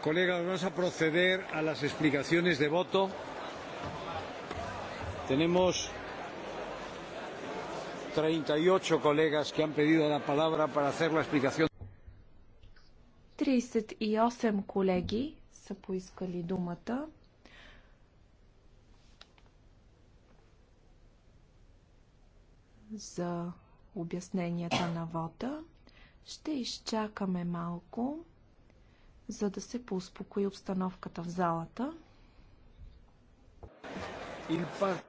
Colegas, vamos a proceder a las explicaciones de voto. Tenemos 38 colegas que han pedido la palabra para hacer la explicación. 38 колеги са поискали думата. за обясненията на вода. Ще изчакаме малко за да се поуспокои обстановката в залата. Il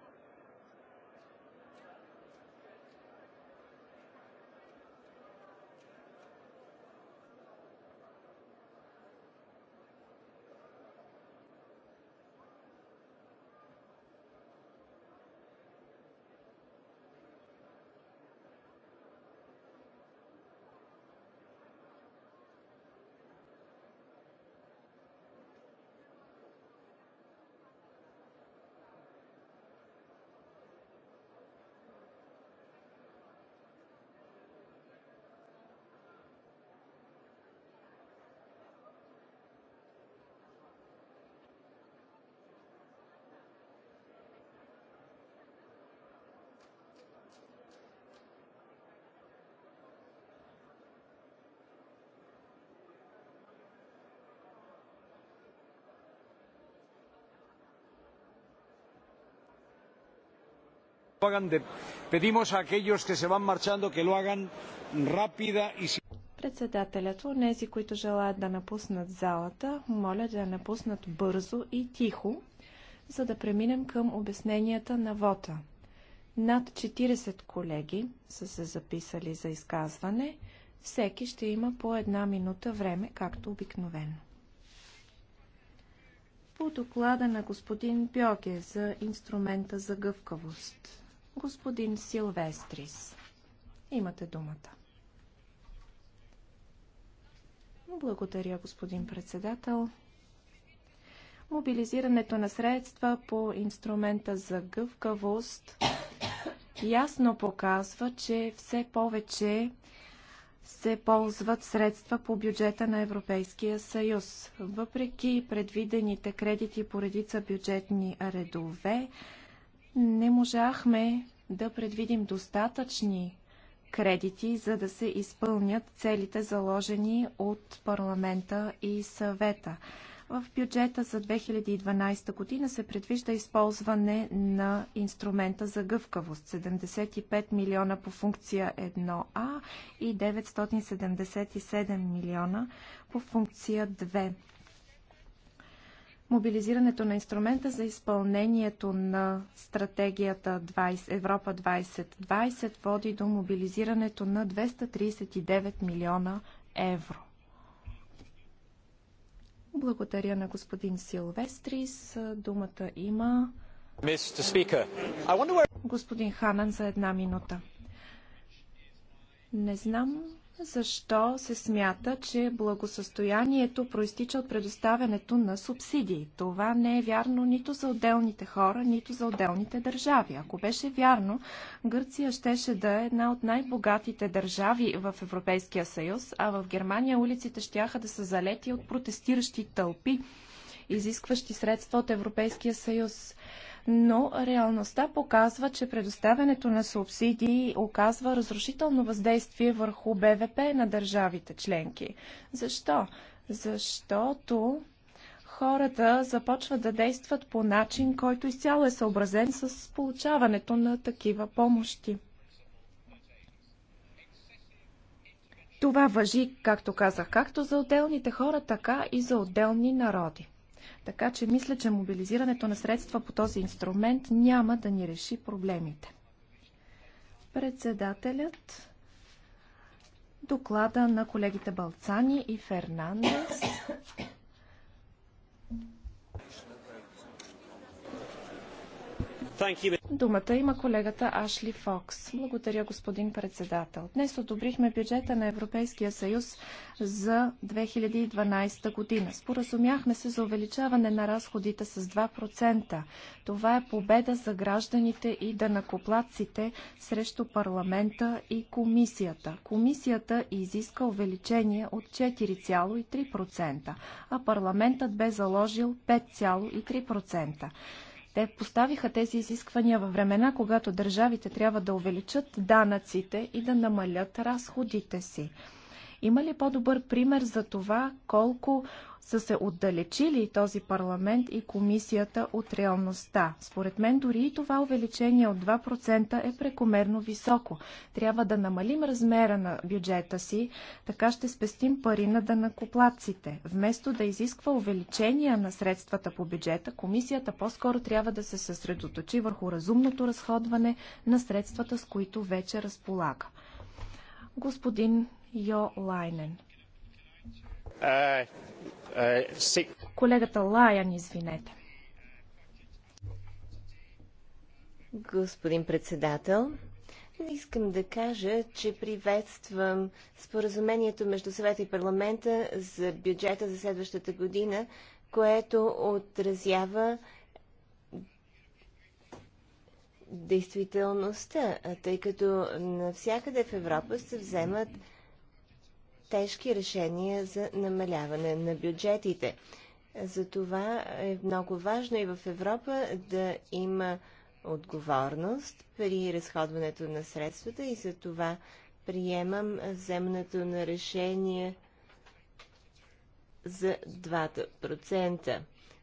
Pedimos a aquellos que se van marchando que lo hagan rápida y Председателят, онези, които желаят да напуснат залата, моля да я напуснат бързо и тихо, за да преминем към обясненията на вота. Над 40 колеги са се записали за изказване. Всеки ще има по една минута време, както обикновено. По доклада на господин Бьоге за инструмента за гъвкавост. Господин Силвестрис, имате думата. Благодаря, господин председател. Мобилизирането на средства по инструмента за гъвкавост ясно показва, че все повече се ползват средства по бюджета на Европейския съюз. Въпреки предвидените кредити по редица бюджетни редове, не можахме да предвидим достатъчни кредити, за да се изпълнят целите заложени от парламента и съвета. В бюджета за 2012 година се предвижда използване на инструмента за гъвкавост 75 милиона по функция 1А и 977 милиона по функция 2 мобилизирането на инструмента за изпълнението на стратегията 20, Европа 2020 води до мобилизирането на 239 милиона евро. Благодаря на господин Силвестрис. Думата има господин Ханан за една минута. Не знам защо се смята, че благосъстоянието проистича от предоставянето на субсидии. Това не е вярно нито за отделните хора, нито за отделните държави. Ако беше вярно, Гърция щеше да е една от най-богатите държави в Европейския съюз, а в Германия улиците щяха да са залети от протестиращи тълпи, изискващи средства от Европейския съюз но реалността показва, че предоставянето на субсидии оказва разрушително въздействие върху БВП на държавите членки. Защо? Защото хората започват да действат по начин, който изцяло е съобразен с получаването на такива помощи. Това въжи, както казах, както за отделните хора, така и за отделни народи. Така че мисля, че мобилизирането на средства по този инструмент няма да ни реши проблемите. Председателят доклада на колегите Балцани и Фернандес Думата има колегата Ашли Фокс. Благодаря, господин председател. Днес одобрихме бюджета на Европейския съюз за 2012 година. Споразумяхме се за увеличаване на разходите с 2%. Това е победа за гражданите и данакоплатците срещу парламента и комисията. Комисията изиска увеличение от 4,3%, а парламентът бе заложил 5,3%. Те поставиха тези изисквания във времена, когато държавите трябва да увеличат данъците и да намалят разходите си. Има ли по-добър пример за това колко са се отдалечили този парламент и комисията от реалността. Според мен дори и това увеличение от 2% е прекомерно високо. Трябва да намалим размера на бюджета си, така ще спестим пари на данакоплаците. Вместо да изисква увеличение на средствата по бюджета, комисията по-скоро трябва да се съсредоточи върху разумното разходване на средствата, с които вече разполага господин Йо Лайнен. Колегата Лаян, извинете. Господин председател, искам да кажа, че приветствам споразумението между съвета и парламента за бюджета за следващата година, което отразява действителността, тъй като навсякъде в Европа се вземат тежки решения за намаляване на бюджетите. Затова е много важно и в Европа да има отговорност при разходването на средствата и за това приемам вземането на решение за 2%.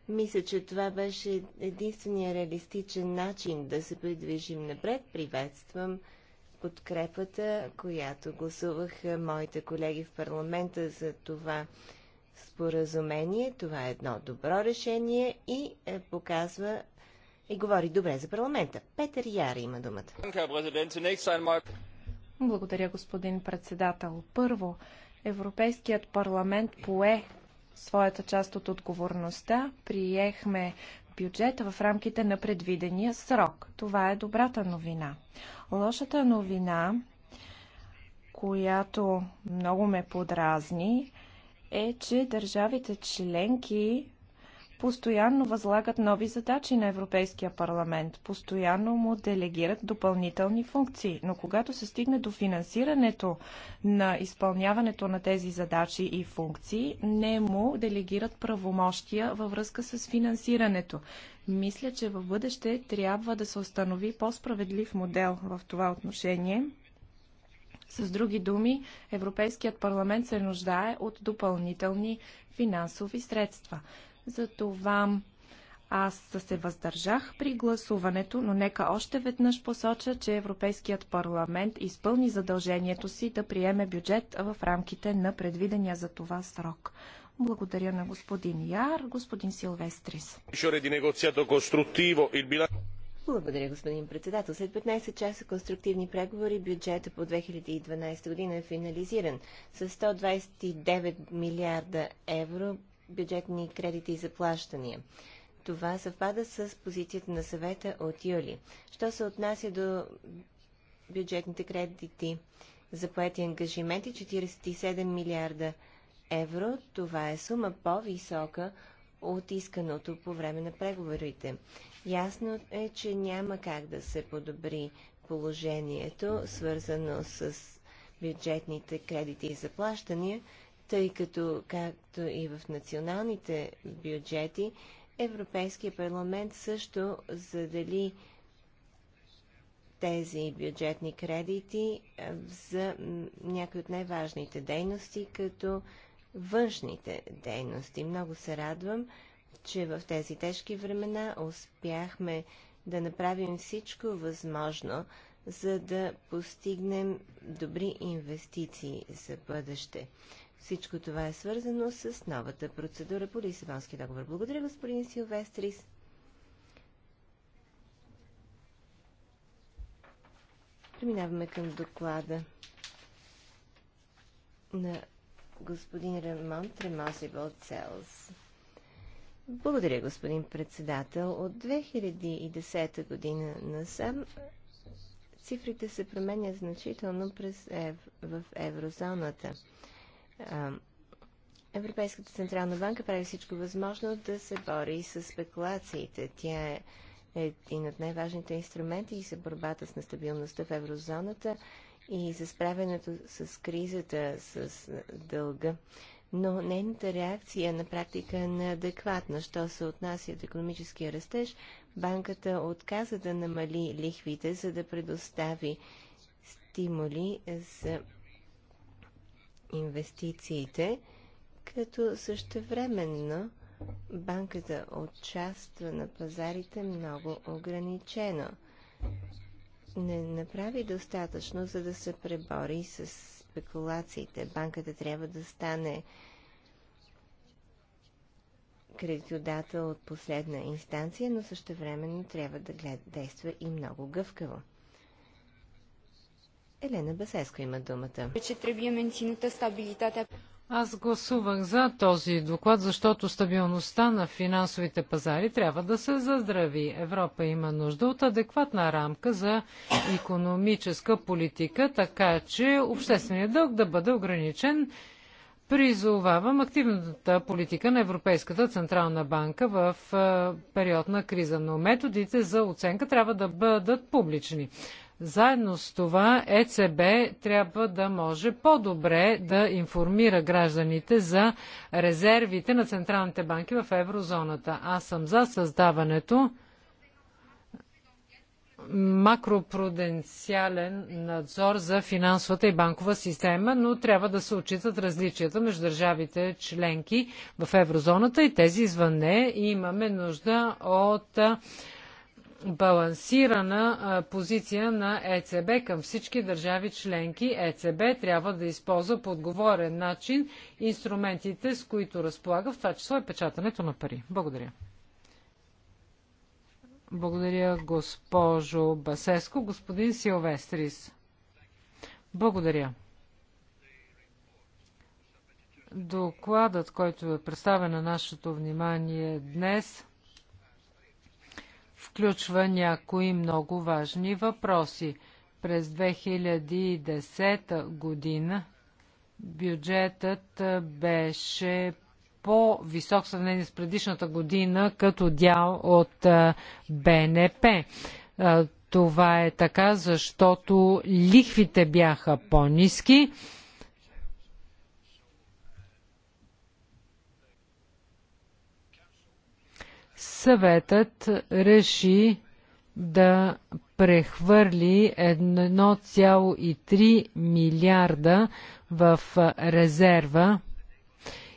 Мисля, че това беше единствения реалистичен начин да се придвижим напред. Приветствам подкрепата, която гласуваха моите колеги в парламента за това споразумение. Това е едно добро решение и е, показва и говори добре за парламента. Петър Яри има думата. Благодаря, господин председател. Първо, Европейският парламент пое своята част от отговорността. Приехме бюджет в рамките на предвидения срок. Това е добрата новина. Лошата новина, която много ме подразни, е, че държавите членки постоянно възлагат нови задачи на Европейския парламент, постоянно му делегират допълнителни функции. Но когато се стигне до финансирането на изпълняването на тези задачи и функции, не му делегират правомощия във връзка с финансирането. Мисля, че в бъдеще трябва да се установи по-справедлив модел в това отношение. С други думи, Европейският парламент се нуждае от допълнителни финансови средства. Затова аз се въздържах при гласуването, но нека още веднъж посоча, че Европейският парламент изпълни задължението си да приеме бюджет в рамките на предвидения за това срок. Благодаря на господин Яр, господин Силвестрис. Благодаря, господин председател. След 15 часа конструктивни преговори бюджета по 2012 година е финализиран с 129 милиарда евро бюджетни кредити и заплащания. Това съвпада с позицията на съвета от юли. Що се отнася до бюджетните кредити за поети ангажименти 47 милиарда евро, това е сума по-висока от исканото по време на преговорите. Ясно е, че няма как да се подобри положението, свързано с бюджетните кредити и заплащания, тъй като, както и в националните бюджети, Европейския парламент също задели тези бюджетни кредити за някои от най-важните дейности, като външните дейности. Много се радвам, че в тези тежки времена успяхме да направим всичко възможно, за да постигнем добри инвестиции за бъдеще. Всичко това е свързано с новата процедура по Лисабонски договор. Благодаря, господин Силвестрис. Преминаваме към доклада на господин Рамон Тремозибъл Целс. Благодаря, господин председател. От 2010 година насам цифрите се променят значително през ев... в еврозоната. Европейската централна банка прави всичко възможно да се бори с спекулациите. Тя е един от най-важните инструменти и за борбата с нестабилността в еврозоната и за справянето с кризата, с дълга. Но нейната реакция на практика е неадекватна. Що се отнася до економическия растеж, банката отказа да намали лихвите, за да предостави стимули за инвестициите, като същевременно банката участва на пазарите много ограничено. Не направи достатъчно, за да се пребори с спекулациите. Банката трябва да стане кредитодател от последна инстанция, но същевременно трябва да действа и много гъвкаво. Елена Басеска има думата. Че трябва менцината стабилитета. Аз гласувах за този доклад, защото стабилността на финансовите пазари трябва да се заздрави. Европа има нужда от адекватна рамка за економическа политика, така че общественият дълг да бъде ограничен. Призовавам активната политика на Европейската Централна банка в е, период на криза, но методите за оценка трябва да бъдат публични. Заедно с това ЕЦБ трябва да може по-добре да информира гражданите за резервите на централните банки в еврозоната. Аз съм за създаването макропруденциален надзор за финансовата и банкова система, но трябва да се отчитат различията между държавите членки в еврозоната и тези извън нея. И имаме нужда от балансирана позиция на ЕЦБ към всички държави членки. ЕЦБ трябва да използва по отговорен начин инструментите, с които разполага, в това число е печатането на пари. Благодаря. Благодаря, госпожо Басеско. Господин Силвестрис. Благодаря. Докладът, който е представен на нашето внимание днес – включва някои много важни въпроси. През 2010 година бюджетът беше по-висок сравнение с предишната година като дял от БНП. Това е така, защото лихвите бяха по-низки съветът реши да прехвърли 1,3 милиарда в резерва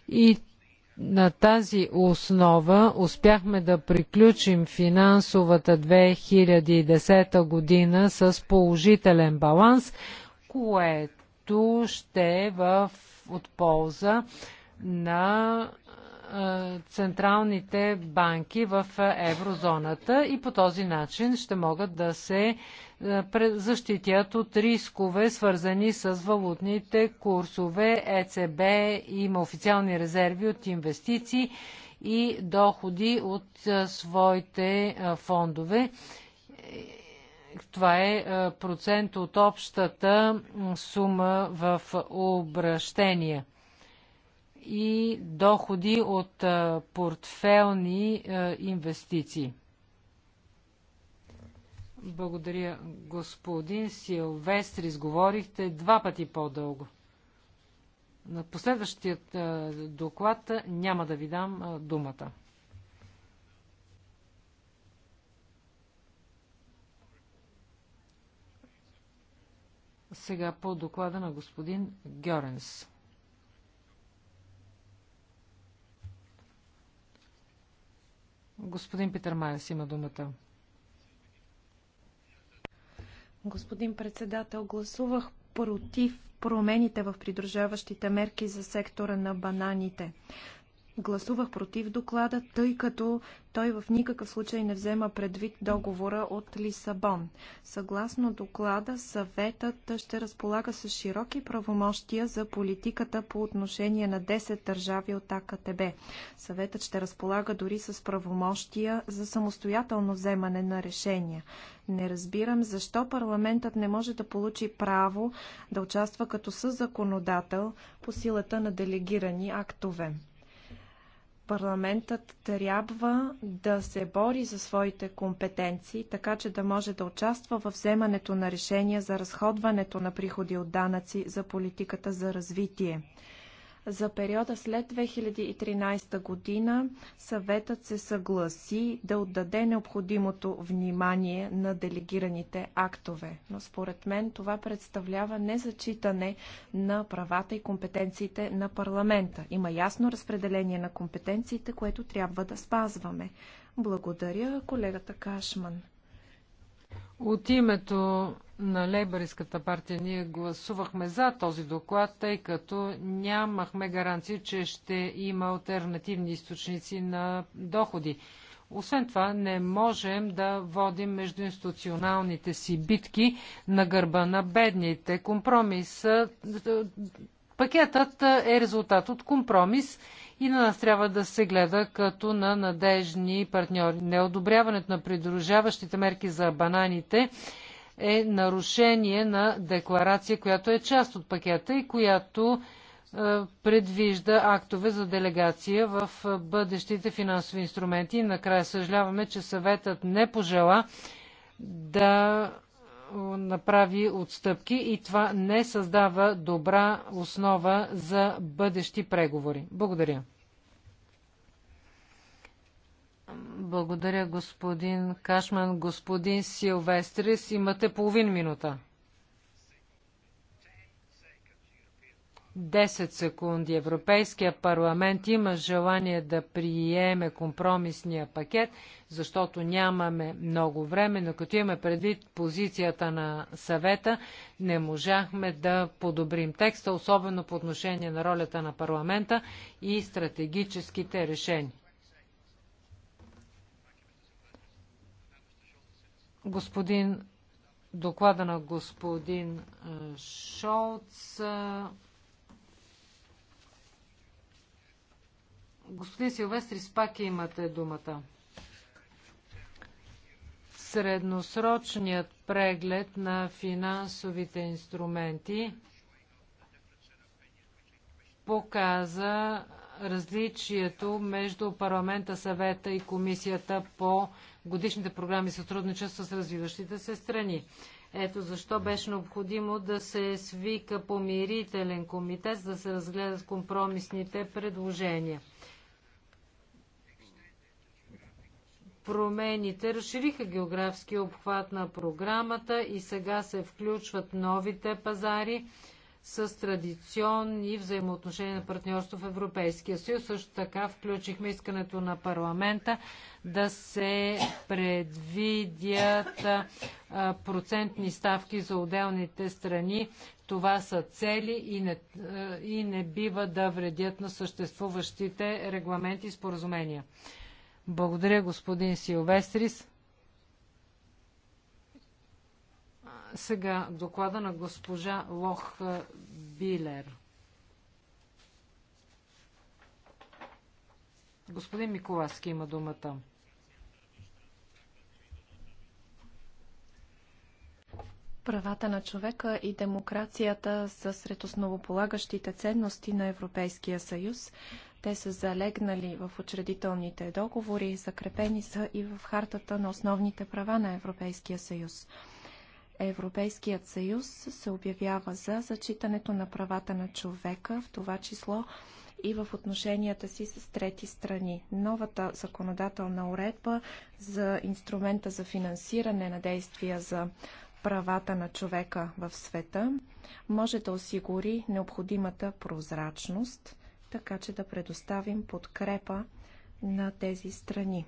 и на тази основа успяхме да приключим финансовата 2010 година с положителен баланс, което ще е в, от полза на е, централните банки в еврозоната и по този начин ще могат да се е, защитят от рискове, свързани с валутните курсове. ЕЦБ има официални резерви от инвестиции и доходи от е, своите фондове. Това е процент от общата сума в обращения и доходи от портфелни инвестиции. Благодаря, господин Силвестри. Изговорихте два пъти по-дълго. На последващият доклад няма да ви дам думата. Сега по доклада на господин Гьоренс. Господин Питър Майес има думата. Господин председател, гласувах против промените в придружаващите мерки за сектора на бананите гласувах против доклада, тъй като той в никакъв случай не взема предвид договора от Лисабон. Съгласно доклада, съветът ще разполага с широки правомощия за политиката по отношение на 10 държави от АКТБ. Съветът ще разполага дори с правомощия за самостоятелно вземане на решения. Не разбирам защо парламентът не може да получи право да участва като съзаконодател по силата на делегирани актове парламентът трябва да се бори за своите компетенции, така че да може да участва в вземането на решения за разходването на приходи от данъци за политиката за развитие. За периода след 2013 година съветът се съгласи да отдаде необходимото внимание на делегираните актове. Но според мен това представлява незачитане на правата и компетенциите на парламента. Има ясно разпределение на компетенциите, което трябва да спазваме. Благодаря, колегата Кашман. От името на Лейбористската партия ние гласувахме за този доклад, тъй като нямахме гаранция, че ще има альтернативни източници на доходи. Освен това, не можем да водим междуинституционалните си битки на гърба на бедните. Компромисът Пакетът е резултат от компромис и на нас трябва да се гледа като на надежни партньори. Неодобряването на придружаващите мерки за бананите е нарушение на декларация, която е част от пакета и която предвижда актове за делегация в бъдещите финансови инструменти. накрая съжаляваме, че съветът не пожела да направи отстъпки и това не създава добра основа за бъдещи преговори. Благодаря. Благодаря, господин Кашман. Господин Силвестрис, имате половин минута. 10 секунди. Европейския парламент има желание да приеме компромисния пакет, защото нямаме много време, но като имаме предвид позицията на съвета, не можахме да подобрим текста, особено по отношение на ролята на парламента и стратегическите решения. Господин доклада на господин Шолц Господин Силвестрис, пак имате думата. Средносрочният преглед на финансовите инструменти показа различието между парламента, съвета и комисията по годишните програми сътрудничество с развиващите се страни. Ето защо беше необходимо да се свика помирителен комитет, за да се разгледат компромисните предложения. промените разшириха географския обхват на програмата и сега се включват новите пазари с традиционни взаимоотношения на партньорство в Европейския съюз. Също така включихме искането на парламента да се предвидят процентни ставки за отделните страни. Това са цели и не, и не бива да вредят на съществуващите регламенти и споразумения. Благодаря, господин Силвестрис. Сега доклада на госпожа Лох Билер. Господин Миколаски има думата. Правата на човека и демокрацията са сред основополагащите ценности на Европейския съюз. Те са залегнали в учредителните договори, закрепени са и в хартата на основните права на Европейския съюз. Европейският съюз се обявява за зачитането на правата на човека, в това число и в отношенията си с трети страни. Новата законодателна уредба за инструмента за финансиране на действия за правата на човека в света може да осигури необходимата прозрачност – така че да предоставим подкрепа на тези страни.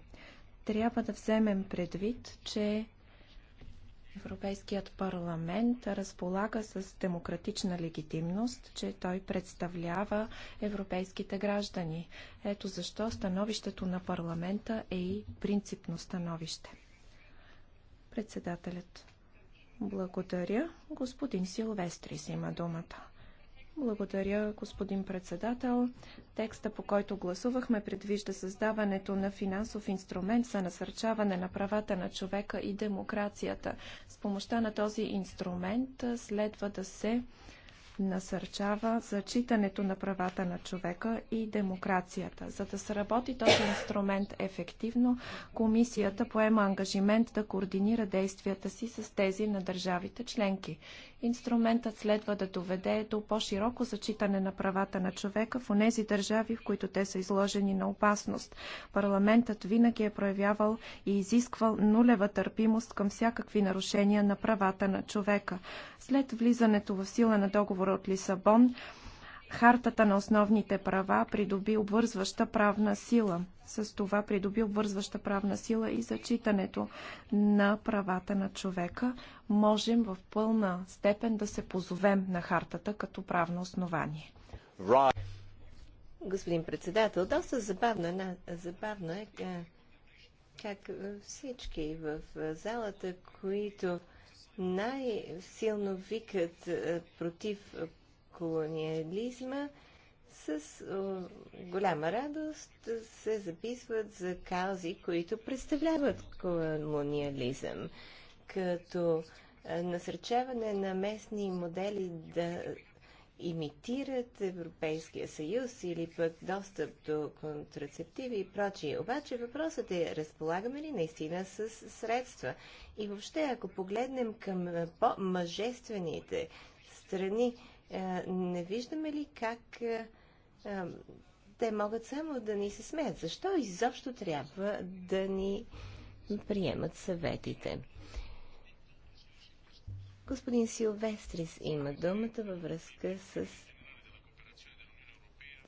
Трябва да вземем предвид, че Европейският парламент разполага с демократична легитимност, че той представлява европейските граждани. Ето защо становището на парламента е и принципно становище. Председателят. Благодаря. Господин Силвестрис има думата. Благодаря, господин председател. Текста, по който гласувахме, предвижда създаването на финансов инструмент за насърчаване на правата на човека и демокрацията. С помощта на този инструмент следва да се насърчава зачитането на правата на човека и демокрацията. За да сработи този инструмент ефективно, комисията поема ангажимент да координира действията си с тези на държавите членки. Инструментът следва да доведе до по-широко зачитане на правата на човека в онези държави, в които те са изложени на опасност. Парламентът винаги е проявявал и изисквал нулева търпимост към всякакви нарушения на правата на човека. След влизането в сила на договора от Лисабон, Хартата на основните права придоби обвързваща правна сила. С това придоби обвързваща правна сила и зачитането на правата на човека. Можем в пълна степен да се позовем на хартата като правно основание. Господин председател, доста забавно, забавно е, е как всички в залата, които най-силно викат е, против колониализма, с голяма радост се записват за каузи, които представляват колониализъм, като насърчаване на местни модели да имитират Европейския съюз или пък достъп до контрацептиви и прочие. Обаче въпросът е, разполагаме ли наистина с средства? И въобще, ако погледнем към по-мъжествените страни, е, не виждаме ли как е, е, те могат само да ни се смеят? Защо изобщо трябва да ни приемат съветите? Господин Силвестрис има думата във връзка с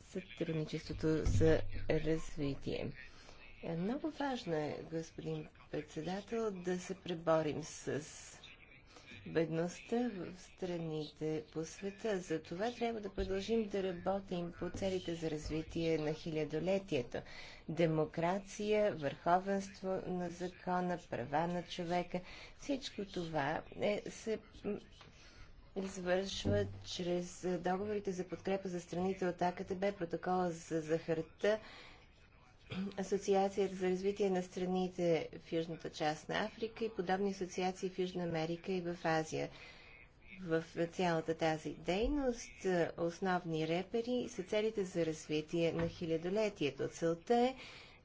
сътрудничеството за развитие. Много важно е, господин председател, да се преборим с бедността в страните по света. За това трябва да продължим да работим по целите за развитие на хилядолетието. Демокрация, върховенство на закона, права на човека. Всичко това е, се извършва чрез договорите за подкрепа за страните от АКТБ, протокола за захарта Асоциацията за развитие на страните в южната част на Африка и подобни асоциации в Южна Америка и в Азия. В цялата тази дейност е, основни репери са целите за развитие на хилядолетието. Целта е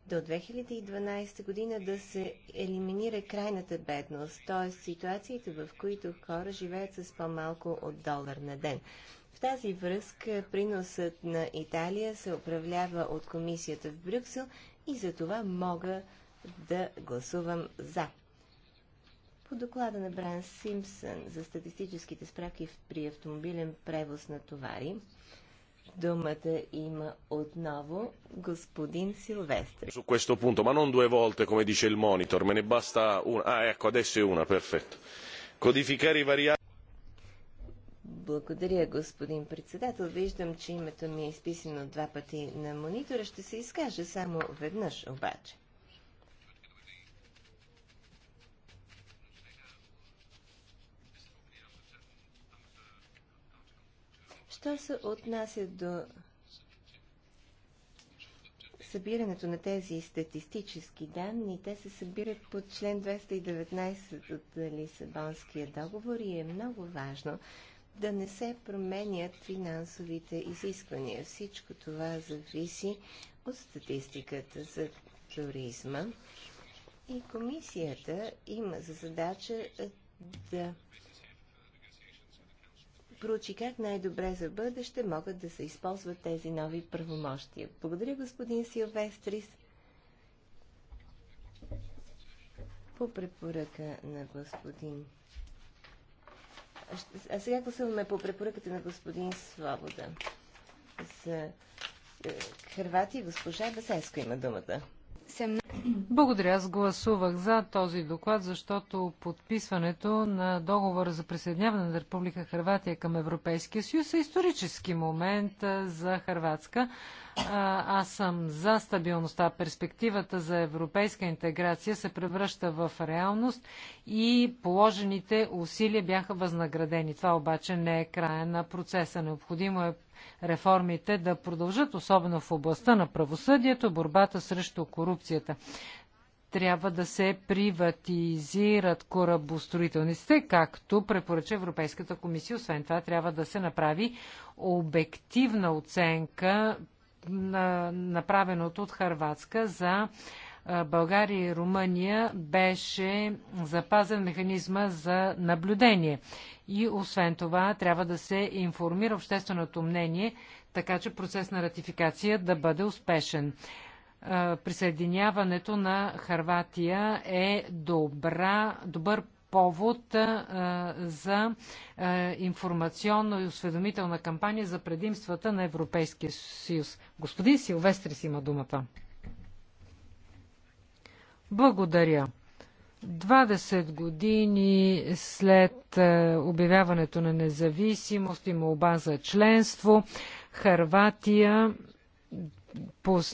до 2012 година да се елиминира крайната бедност, т.е. ситуациите, в които хора живеят с по-малко от долар на ден тази връзка приносът на Италия се управлява от комисията в Брюксел и за това мога да гласувам за. По доклада на Бран Симпсън за статистическите справки при автомобилен превоз на товари, Думата има отново господин Силвестър. Su questo punto, ma non due volte come dice il monitor, me ne basta una. Ah, ecco, adesso è una, perfetto. Codificare i variabili благодаря, господин председател. Виждам, че името ми е изписано два пъти на монитора. Ще се изкаже само веднъж обаче. Що се отнася до събирането на тези статистически данни, те се събират под член 219 от Лисабонския договор и е много важно да не се променят финансовите изисквания. Всичко това зависи от статистиката за туризма. И комисията има за задача е, да проучи как най-добре за бъдеще могат да се използват тези нови правомощия. Благодаря, господин Силвестрис. По препоръка на господин а сега гласуваме по препоръката на господин Свобода. За е, и госпожа Басенско има думата. Благодаря. Аз гласувах за този доклад, защото подписването на договора за присъединяване на Република Харватия към Европейския съюз е исторически момент за Харватска. Аз съм за стабилността. Перспективата за европейска интеграция се превръща в реалност и положените усилия бяха възнаградени. Това обаче не е края на процеса. Необходимо е реформите да продължат, особено в областта на правосъдието, борбата срещу корупцията. Трябва да се приватизират корабостроителниците, както препоръча Европейската комисия. Освен това, трябва да се направи обективна оценка на направеното от Харватска за България и Румъния беше запазен механизма за наблюдение. И освен това трябва да се информира общественото мнение, така че процес на ратификация да бъде успешен. Присъединяването на Харватия е добра, добър повод а, за а, информационно и осведомителна кампания за предимствата на Европейския съюз. Господин Силвестрис има думата. Благодаря. 20 години след е, обявяването на независимост и молба за членство, Харватия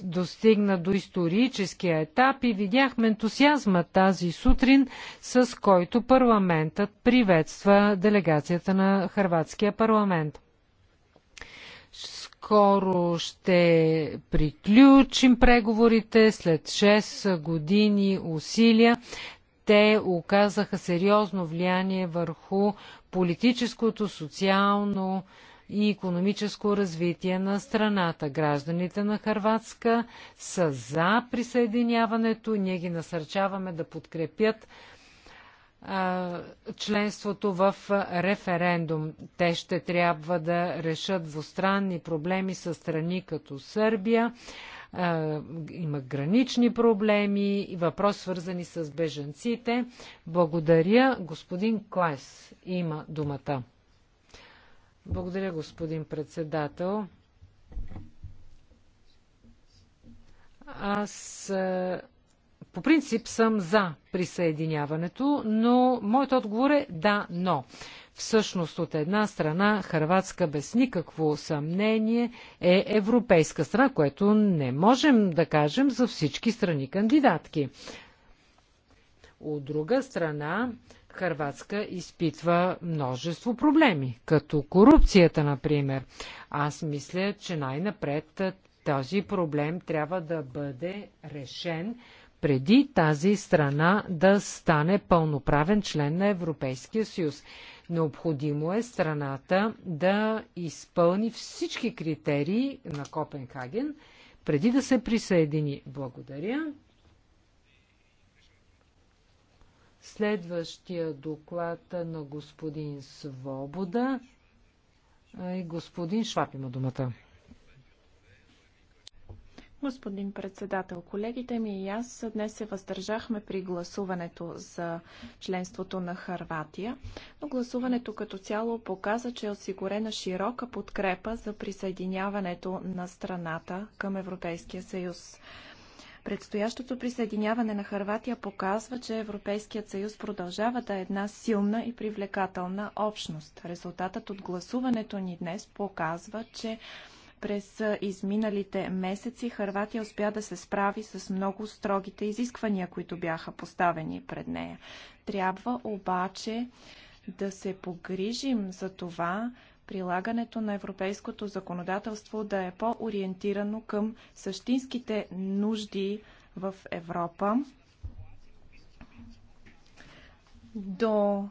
достигна до историческия етап и видяхме ентусиазма тази сутрин, с който парламентът приветства делегацията на Харватския парламент скоро ще приключим преговорите след 6 години усилия. Те оказаха сериозно влияние върху политическото, социално и економическо развитие на страната. Гражданите на Харватска са за присъединяването. Ние ги насърчаваме да подкрепят членството в референдум. Те ще трябва да решат двустранни проблеми с страни като Сърбия. Има гранични проблеми и въпрос свързани с беженците. Благодаря. Господин Клайс има думата. Благодаря, господин председател. Аз по принцип съм за присъединяването, но моят отговор е да, но. Всъщност от една страна Харватска без никакво съмнение е европейска страна, което не можем да кажем за всички страни кандидатки. От друга страна, Харватска изпитва множество проблеми, като корупцията, например. Аз мисля, че най-напред този проблем трябва да бъде решен преди тази страна да стане пълноправен член на Европейския съюз. Необходимо е страната да изпълни всички критерии на Копенхаген преди да се присъедини. Благодаря. Следващия доклад на господин Свобода и е, господин Шваб има думата. Господин председател, колегите ми и аз днес се въздържахме при гласуването за членството на Харватия, но гласуването като цяло показа, че е осигурена широка подкрепа за присъединяването на страната към Европейския съюз. Предстоящото присъединяване на Харватия показва, че Европейският съюз продължава да е една силна и привлекателна общност. Резултатът от гласуването ни днес показва, че през изминалите месеци Харватия успя да се справи с много строгите изисквания, които бяха поставени пред нея. Трябва обаче да се погрижим за това, прилагането на европейското законодателство да е по-ориентирано към същинските нужди в Европа. До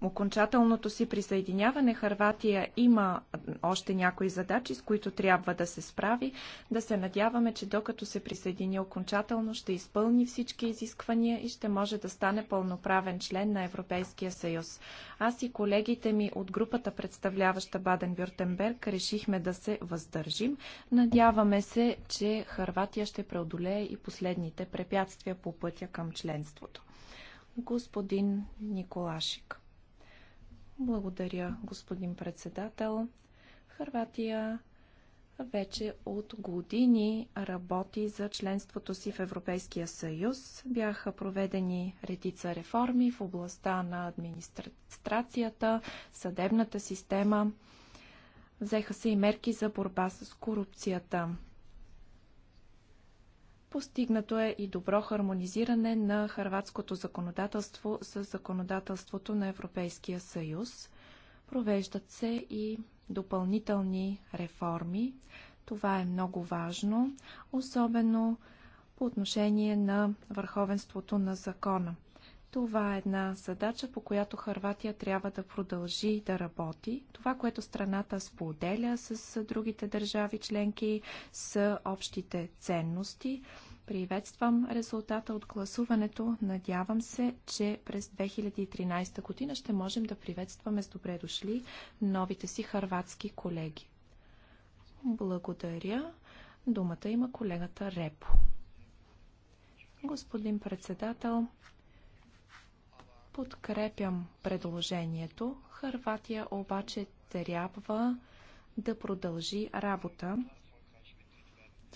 окончателното си присъединяване Харватия има още някои задачи, с които трябва да се справи. Да се надяваме, че докато се присъедини окончателно, ще изпълни всички изисквания и ще може да стане пълноправен член на Европейския съюз. Аз и колегите ми от групата, представляваща Баден-Бюртенберг, решихме да се въздържим. Надяваме се, че Харватия ще преодолее и последните препятствия по пътя към членството. Господин Николашик. Благодаря, господин председател. Харватия вече от години работи за членството си в Европейския съюз. Бяха проведени редица реформи в областта на администрацията, съдебната система. Взеха се и мерки за борба с корупцията. Постигнато е и добро хармонизиране на хърватското законодателство с законодателството на Европейския съюз. Провеждат се и допълнителни реформи. Това е много важно, особено по отношение на върховенството на закона. Това е една задача, по която Харватия трябва да продължи да работи. Това, което страната споделя с другите държави членки, са общите ценности. Приветствам резултата от гласуването. Надявам се, че през 2013 година ще можем да приветстваме с добре дошли новите си харватски колеги. Благодаря. Думата има колегата Репо. Господин председател, подкрепям предложението. Харватия обаче трябва да продължи работа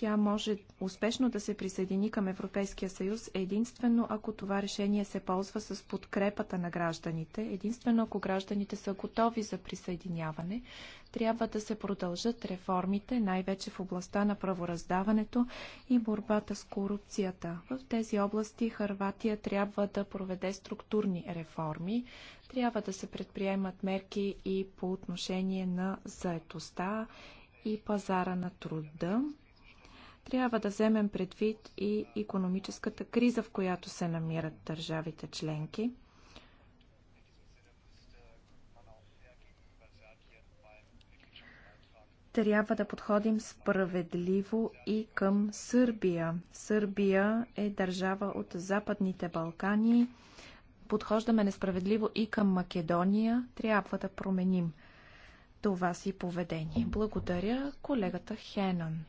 тя може успешно да се присъедини към Европейския съюз единствено ако това решение се ползва с подкрепата на гражданите, единствено ако гражданите са готови за присъединяване. Трябва да се продължат реформите, най-вече в областта на правораздаването и борбата с корупцията. В тези области Харватия трябва да проведе структурни реформи, трябва да се предприемат мерки и по отношение на заетостта и пазара на труда трябва да вземем предвид и економическата криза, в която се намират държавите членки. Трябва да подходим справедливо и към Сърбия. Сърбия е държава от Западните Балкани. Подхождаме несправедливо и към Македония. Трябва да променим това си поведение. Благодаря колегата Хенън.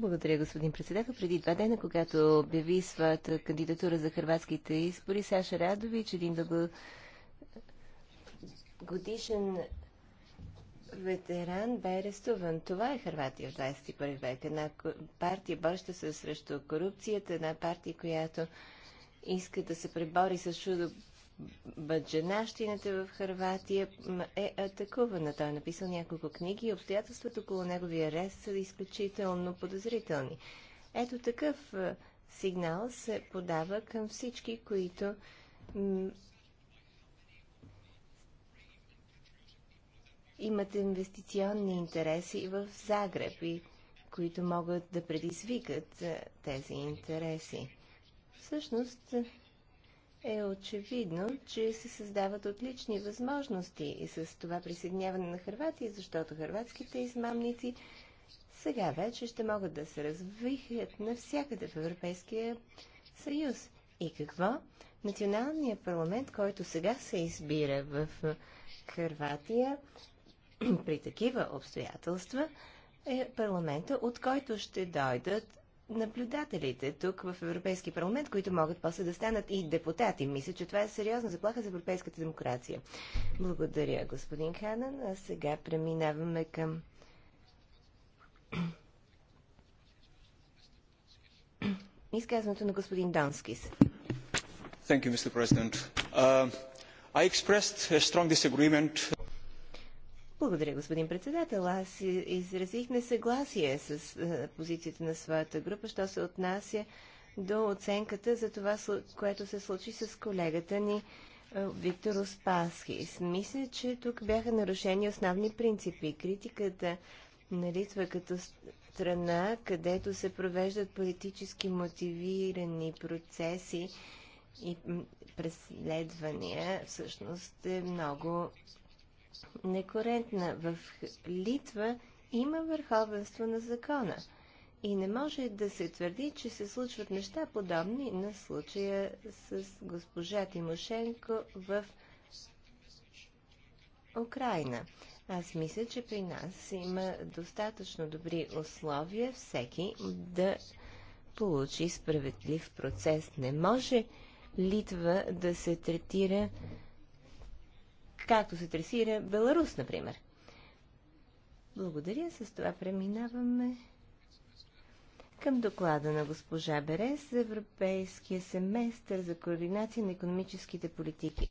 Благодаря, господин председател. Преди два дена, когато обяви своята кандидатура за хрватските избори, Саша Радович, един дълго годишен ветеран, бе арестуван. Това е Харватия в 21 век. Една партия, борща се срещу корупцията, една партия, която иска да се пребори с чудо Баджанащината в Харватия е атакувана. Той е написал няколко книги и обстоятелствата около неговия арест са изключително подозрителни. Ето такъв сигнал се подава към всички, които имат инвестиционни интереси в Загреб и които могат да предизвикат тези интереси. Всъщност, е очевидно, че се създават отлични възможности и с това присъединяване на Харватия, защото харватските измамници сега вече ще могат да се развихрят навсякъде в Европейския съюз. И какво? Националният парламент, който сега се избира в Харватия при такива обстоятелства, е парламента, от който ще дойдат наблюдателите тук в Европейски парламент, които могат после да станат и депутати. Мисля, че това е сериозна заплаха за европейската демокрация. Благодаря, господин Ханан. А сега преминаваме към изказването на господин Донскис. Thank you, Mr. President. Uh, I expressed a strong disagreement благодаря, господин председател. Аз изразих несъгласие с а, е, позицията на своята група, що се отнася до оценката за това, което се случи с колегата ни е, Виктор Оспаски. Мисля, че тук бяха нарушени основни принципи. Критиката на Литва като страна, където се провеждат политически мотивирани процеси и преследвания, всъщност е много некорентна. В Литва има върховенство на закона и не може да се твърди, че се случват неща подобни на случая с госпожа Тимошенко в Украина. Аз мисля, че при нас има достатъчно добри условия всеки да получи справедлив процес. Не може Литва да се третира както се тресира Беларус, например. Благодаря. С това преминаваме към доклада на госпожа Берес за Европейския семестър за координация на економическите политики.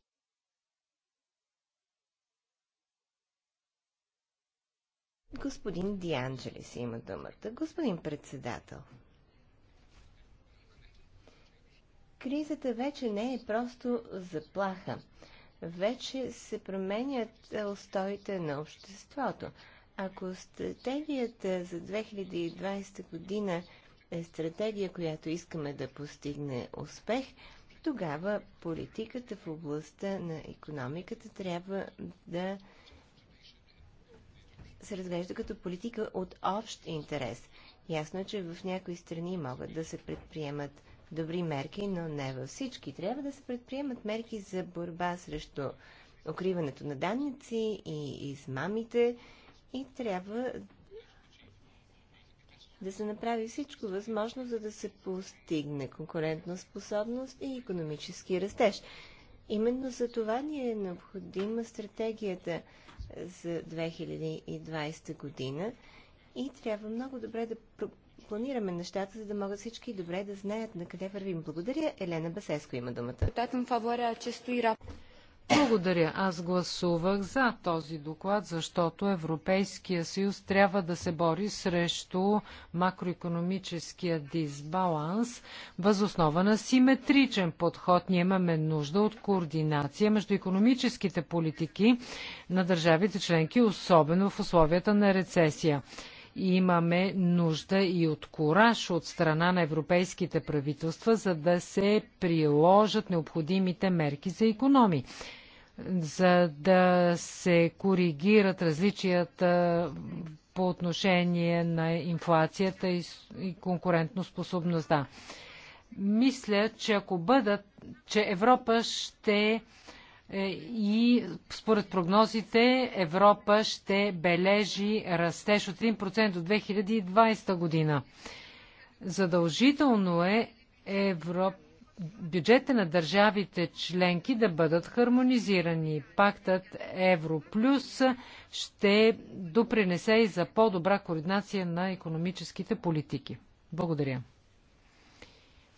Господин Дианджели си има думата. Господин председател. Кризата вече не е просто заплаха вече се променят устоите на обществото. Ако стратегията за 2020 година е стратегия, която искаме да постигне успех, тогава политиката в областта на економиката трябва да се разглежда като политика от общ интерес. Ясно е, че в някои страни могат да се предприемат добри мерки, но не във всички. Трябва да се предприемат мерки за борба срещу укриването на данници и измамите и трябва да се направи всичко възможно, за да се постигне конкурентна способност и економически растеж. Именно за това ни е необходима стратегията за 2020 година и трябва много добре да планираме нещата, за да могат всички добре да знаят на къде вървим. Благодаря. Елена Басеско има думата. Благодаря. Аз гласувах за този доклад, защото Европейския съюз трябва да се бори срещу макроекономическия дисбаланс възоснова на симетричен подход. Ние имаме нужда от координация между економическите политики на държавите членки, особено в условията на рецесия. Имаме нужда и от кураж от страна на европейските правителства, за да се приложат необходимите мерки за економи за да се коригират различията по отношение на инфлацията и конкурентоспособността. Мисля, че ако бъдат, че Европа ще е, и според прогнозите Европа ще бележи растеж от 1% до 2020 година. Задължително е Европа бюджета на държавите членки да бъдат хармонизирани. Пактът Европлюс ще допринесе и за по-добра координация на економическите политики. Благодаря.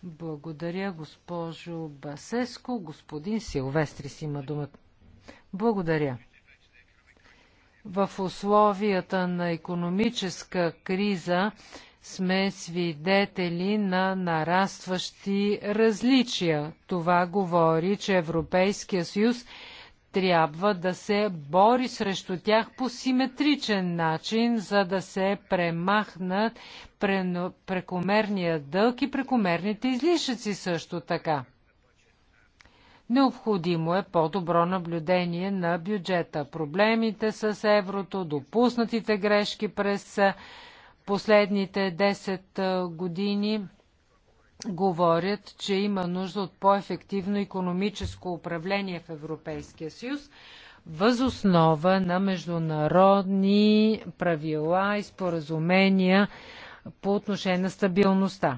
Благодаря, госпожо Басеско. Господин Силвестрис има думата. Благодаря. В условията на економическа криза сме свидетели на нарастващи различия. Това говори, че Европейския съюз трябва да се бори срещу тях по симетричен начин, за да се премахнат прекомерния дълг и прекомерните излишъци също така. Необходимо е по-добро наблюдение на бюджета. Проблемите с еврото, допуснатите грешки през последните 10 години – говорят, че има нужда от по-ефективно економическо управление в Европейския съюз, възоснова на международни правила и споразумения по отношение на стабилността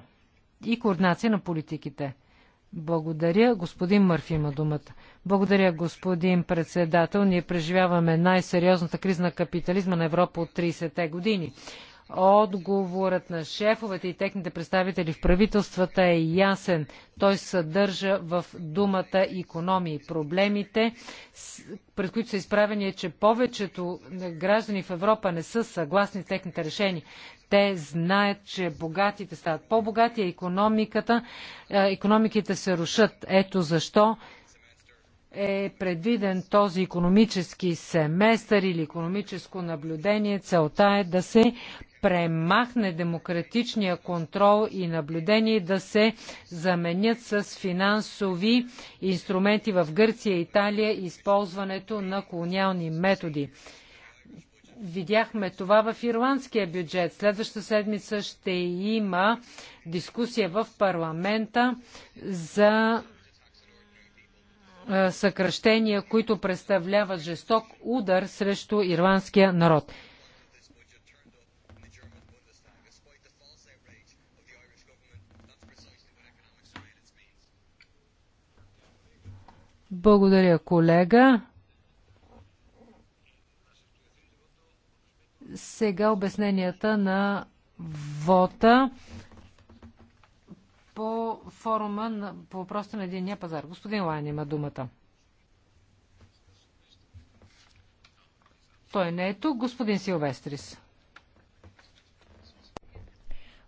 и координация на политиките. Благодаря. Господин Мърфи има думата. Благодаря, господин председател. Ние преживяваме най-сериозната криза на капитализма на Европа от 30-те години. Отговорът на шефовете и техните представители в правителствата е ясен. Той съдържа в думата економии. Проблемите, пред които са изправени, е, че повечето граждани в Европа не са съгласни с техните решения. Те знаят, че богатите стават по-богати, а економиката, економиките се рушат. Ето защо е предвиден този економически семестър или економическо наблюдение. Целта е да се премахне демократичния контрол и наблюдение да се заменят с финансови инструменти в Гърция и Италия и използването на колониални методи. Видяхме това в ирландския бюджет. Следващата седмица ще има дискусия в парламента за е, съкръщения, които представляват жесток удар срещу ирландския народ. Благодаря, колега. Сега обясненията на вота по форума на, по въпросите на единния пазар. Господин Лайн има думата. Той не е тук. Господин Силвестрис.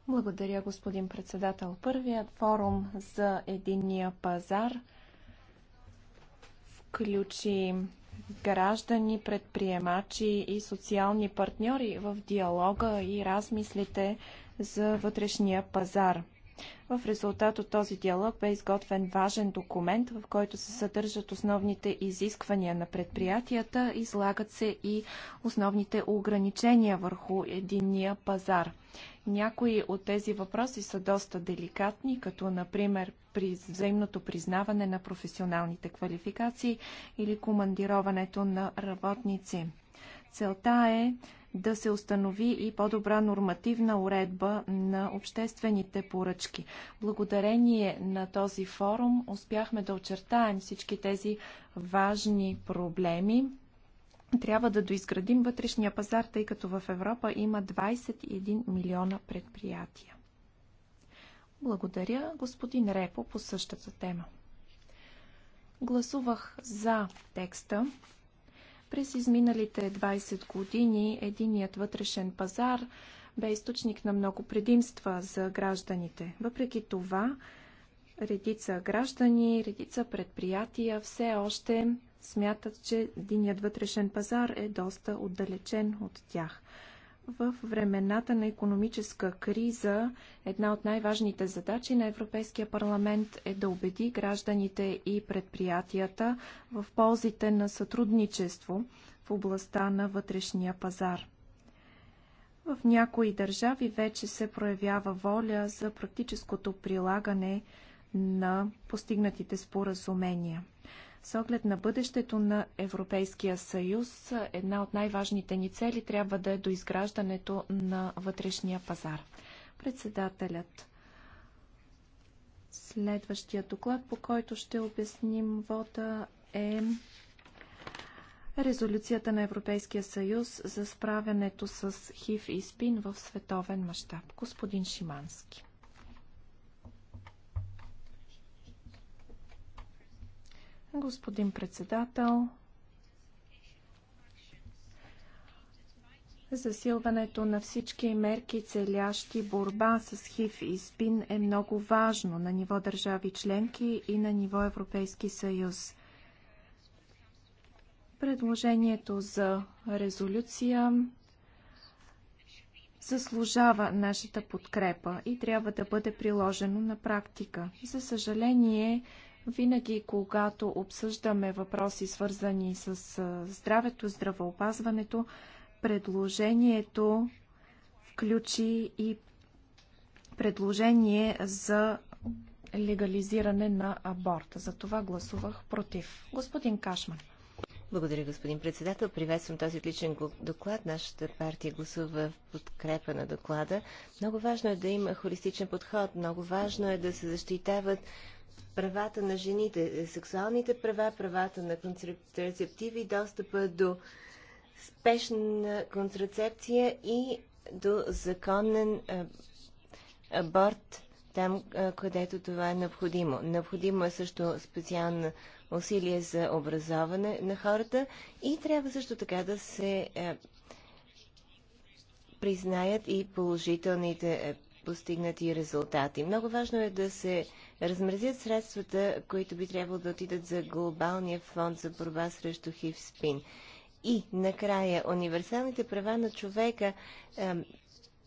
Благодаря, господин председател. Първият форум за единния пазар включи граждани, предприемачи и социални партньори в диалога и размислите за вътрешния пазар. В резултат от този диалог бе изготвен важен документ, в който се съдържат основните изисквания на предприятията, излагат се и основните ограничения върху единния пазар. Някои от тези въпроси са доста деликатни, като например при взаимното признаване на професионалните квалификации или командироването на работници. Целта е да се установи и по-добра нормативна уредба на обществените поръчки. Благодарение на този форум успяхме да очертаем всички тези важни проблеми. Трябва да доизградим вътрешния пазар, тъй като в Европа има 21 милиона предприятия. Благодаря, господин Репо, по същата тема. Гласувах за текста, през изминалите 20 години единият вътрешен пазар бе източник на много предимства за гражданите. Въпреки това, редица граждани, редица предприятия все още смятат, че единият вътрешен пазар е доста отдалечен от тях. В времената на економическа криза една от най-важните задачи на Европейския парламент е да убеди гражданите и предприятията в ползите на сътрудничество в областта на вътрешния пазар. В някои държави вече се проявява воля за практическото прилагане на постигнатите споразумения. С оглед на бъдещето на Европейския съюз, една от най-важните ни цели трябва да е до изграждането на вътрешния пазар. Председателят. Следващия доклад, по който ще обясним вода е резолюцията на Европейския съюз за справянето с ХИВ и СПИН в световен мащаб. Господин Шимански. Господин председател, Засилването на всички мерки, целящи борба с ХИВ и СПИН е много важно на ниво държави членки и на ниво Европейски съюз. Предложението за резолюция заслужава нашата подкрепа и трябва да бъде приложено на практика. За съжаление, винаги, когато обсъждаме въпроси, свързани с здравето, здравеопазването, предложението включи и предложение за легализиране на аборта. За това гласувах против. Господин Кашман. Благодаря, господин председател. Приветствам този отличен доклад. Нашата партия гласува в подкрепа на доклада. Много важно е да има холистичен подход. Много важно е да се защитават правата на жените, е, сексуалните права, правата на контрацептиви, достъпа до спешна контрацепция и до законен аборт там, където това е необходимо. Необходимо е също специална усилие за образоване на хората и трябва също така да се признаят и положителните постигнати резултати. Много важно е да се размразят средствата, които би трябвало да отидат за глобалния фонд за борба срещу хив спин. И накрая, универсалните права на човека е,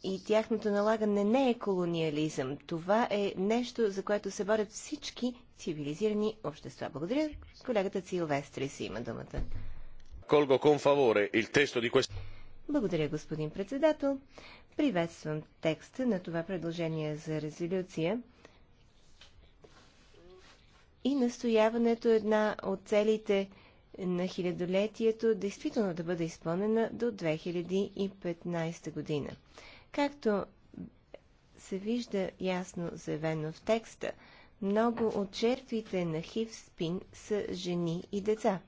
и тяхното налагане не е колониализъм. Това е нещо, за което се борят всички цивилизирани общества. Благодаря. Колегата Силвестри си има думата. Благодаря, господин председател. Приветствам текста на това предложение за резолюция и настояването една от целите на хилядолетието действително да бъде изпълнена до 2015 година. Както се вижда ясно заявено в текста, много от жертвите на хив спин са жени и деца.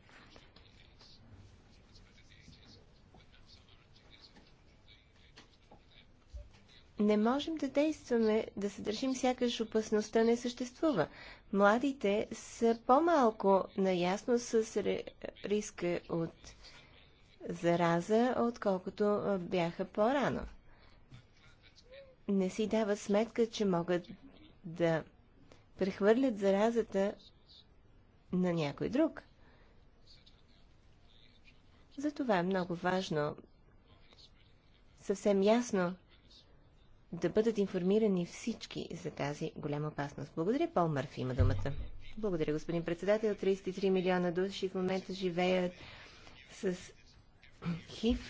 Не можем да действаме, да се държим сякаш опасността не съществува. Младите са по-малко наясно с риска от зараза, отколкото бяха по-рано. Не си дават сметка, че могат да прехвърлят заразата на някой друг. Затова е много важно съвсем ясно да бъдат информирани всички за тази голяма опасност. Благодаря, Пол Мърфи има думата. Благодаря, господин председател. 33 милиона души в момента живеят с ХИВ.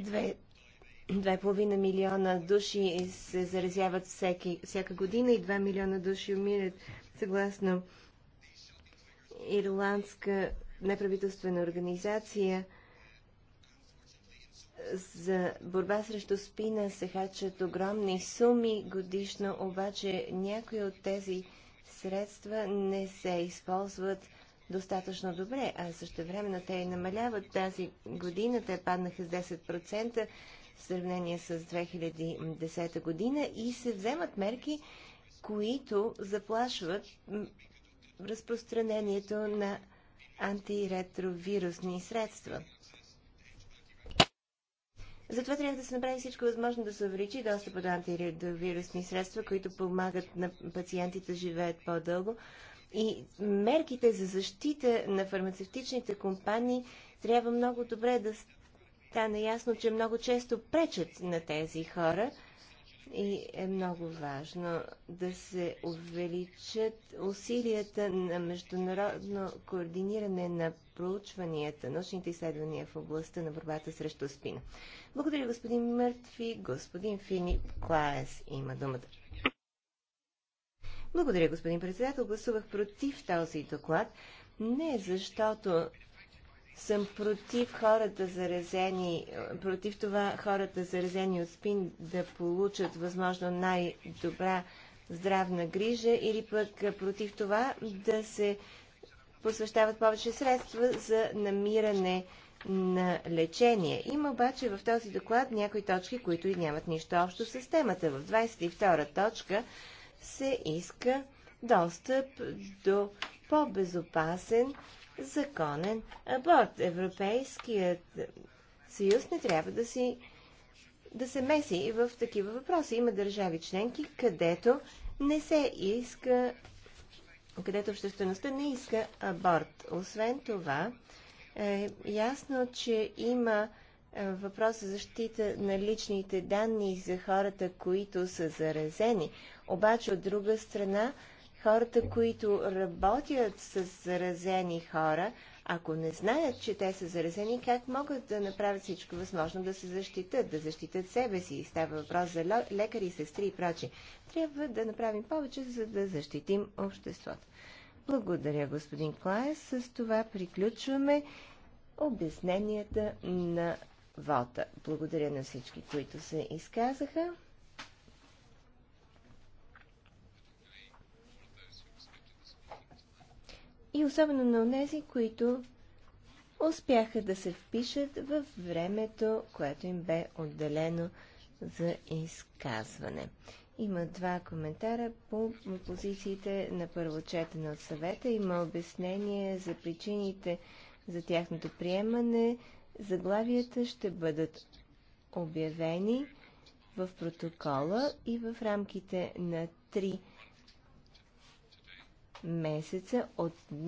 2,5 милиона души се заразяват всеки, всяка година и 2 милиона души умират съгласно Ирландска неправителствена организация – за борба срещу спина се хачат огромни суми годишно, обаче някои от тези средства не се използват достатъчно добре, а също времено те и намаляват. Тази година те паднаха с 10% в сравнение с 2010 година и се вземат мерки, които заплашват разпространението на антиретровирусни средства. Затова трябва да се направи всичко възможно да се увеличи достъп до антивирусни средства, които помагат на пациентите да живеят по-дълго. И мерките за защита на фармацевтичните компании трябва много добре да стане ясно, че много често пречат на тези хора и е много важно да се увеличат усилията на международно координиране на проучванията, научните изследвания в областта на борбата срещу спина. Благодаря, господин Мъртви. Господин Филип Клаес има думата. Благодаря, господин председател. Гласувах против този доклад. Не защото съм против хората заразени, против това хората заразени от спин да получат възможно най-добра здравна грижа или пък против това да се посвещават повече средства за намиране на лечение. Има обаче в този доклад някои точки, които и нямат нищо общо с темата. В 22 точка се иска достъп до по-безопасен законен аборт. Европейският съюз не трябва да си да се меси и в такива въпроси. Има държави членки, където не се иска, където обществеността не иска аборт. Освен това, е ясно, че има е, въпрос за защита на личните данни за хората, които са заразени. Обаче, от друга страна, хората, които работят с заразени хора, ако не знаят, че те са заразени, как могат да направят всичко възможно да се защитат, да защитат себе си? Става въпрос за лекари, сестри и прочи. Трябва да направим повече, за да защитим обществото. Благодаря, господин Клаес. С това приключваме обясненията на вота. Благодаря на всички, които се изказаха. И особено на тези, които успяха да се впишат в времето, което им бе отделено за изказване. Има два коментара по позициите на първо четене от съвета. Има обяснение за причините за тяхното приемане. Заглавията ще бъдат обявени в протокола и в рамките на три месеца от днес.